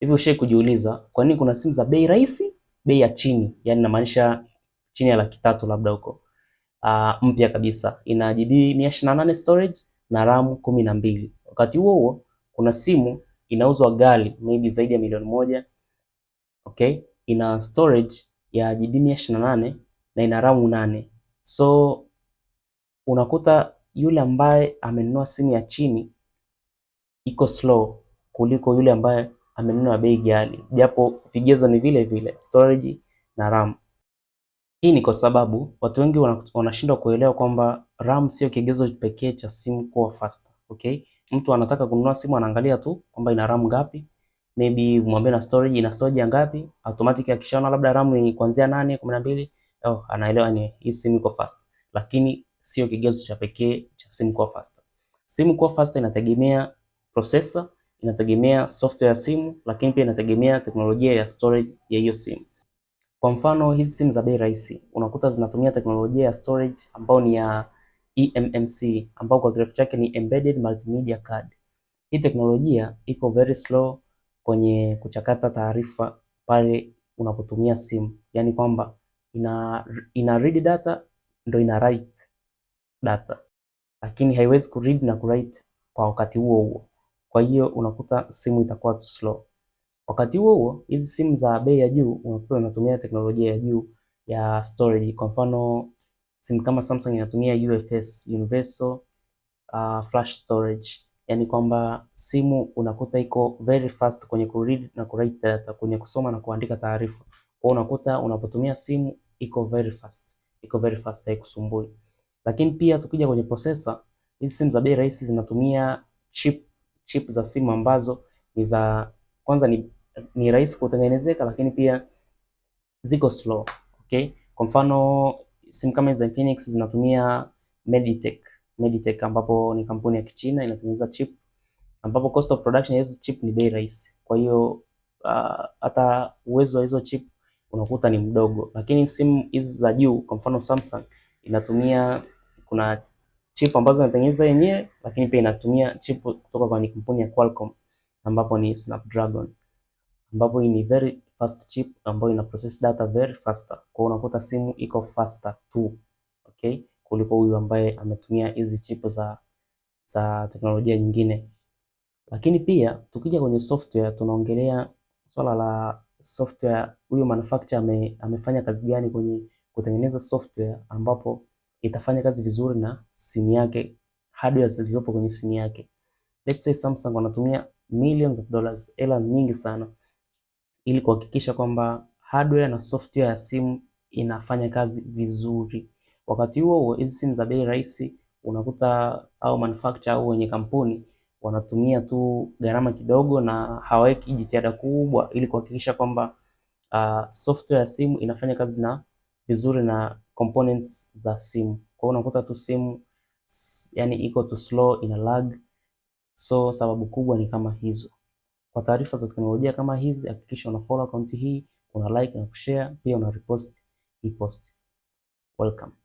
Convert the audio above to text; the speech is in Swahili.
Hivyo ushe kujiuliza kwa nini kuna simu za bei rahisi, bei ya chini, yani namaanisha chini ya laki tatu labda huko, uh, mpya kabisa ina GB 128 storage na RAM 12. Wakati huo huo kuna simu inauzwa ghali maybe zaidi ya milioni moja okay, ina storage ya GB 128 na ina RAM 8. So unakuta yule ambaye amenunua simu ya chini iko slow kuliko yule ambaye amenunua bei ghali, japo vigezo ni vile vile, storage na RAM. Hii ni kwa sababu watu wengi wanashindwa kuelewa kwamba RAM sio kigezo pekee cha simu kuwa faster, okay? Mtu anataka kununua simu anaangalia tu kwamba ina RAM ngapi, maybe umwambie na storage ina storage ngapi, automatic akishaona labda RAM ni kuanzia nane, 12, na oh, anaelewa ni hii simu iko fast, lakini sio kigezo cha pekee cha simu kuwa faster. Simu kuwa faster inategemea processor inategemea software ya simu, lakini pia inategemea teknolojia ya storage ya hiyo simu. Kwa mfano hizi simu za bei rahisi unakuta zinatumia teknolojia ya storage ambayo ni ya eMMC, ambayo kwa kirefu chake ni embedded multimedia card. Hii teknolojia iko very slow kwenye kuchakata taarifa pale unapotumia simu, yaani kwamba ina, ina read data ndo ina write data, lakini haiwezi ku read na ku write kwa wakati huo huo. Kwa hiyo unakuta simu itakuwa tu slow. Wakati huo huo, hizi simu za bei ya juu unakuta zinatumia teknolojia ya juu ya storage. Kwa mfano simu kama Samsung inatumia UFS, universal uh, flash storage, yani kwamba simu unakuta iko very fast kwenye ku read na ku write data, kwenye kusoma na kuandika taarifa. Kwa unakuta unapotumia simu iko very fast, iko very fast, haikusumbui. Lakini pia tukija kwenye processor, hizi simu za bei rahisi zinatumia chip chip za simu ambazo ni za kwanza ni, ni rahisi kutengenezeka, lakini pia ziko slow okay. Kwa mfano simu kama za Infinix zinatumia Meditech. Meditech ambapo ni kampuni ya Kichina inatengeneza chip, ambapo cost of production ya hizo chip ni bei rahisi. Kwa hiyo ah, hata uh, uwezo wa hizo chip unakuta ni mdogo, lakini simu hizi za juu, kwa mfano Samsung inatumia kuna chip ambazo inatengeneza yenyewe, lakini pia inatumia chip kutoka kwa kampuni ya Qualcomm ambapo ni Snapdragon, ambapo hii ni very fast chip ambayo ina process data very faster. Kwa hiyo unakuta simu iko faster tu, okay, kuliko huyu ambaye ametumia hizi chip za za teknolojia nyingine. Lakini pia tukija kwenye software, tunaongelea swala la software, huyu manufacturer ame, amefanya kazi gani kwenye kutengeneza software ambapo itafanya kazi vizuri na simu yake, hardware zilizopo kwenye simu yake. Let's say Samsung wanatumia millions of dollars, hela nyingi sana, ili kuhakikisha kwamba hardware na software ya simu inafanya kazi vizuri. Wakati huo huo, hizi simu za bei rahisi unakuta au manufacturer au wenye kampuni wanatumia tu gharama kidogo na hawaweki jitihada kubwa ili kuhakikisha kwamba uh, software ya simu inafanya kazi na vizuri na components za simu. Kwa hiyo unakuta tu simu yani iko tu slow, ina lag. So sababu kubwa ni kama hizo. Kwa taarifa za teknolojia kama hizi, hakikisha una follow account hii, una like na kushare, pia una repost hii post. Welcome.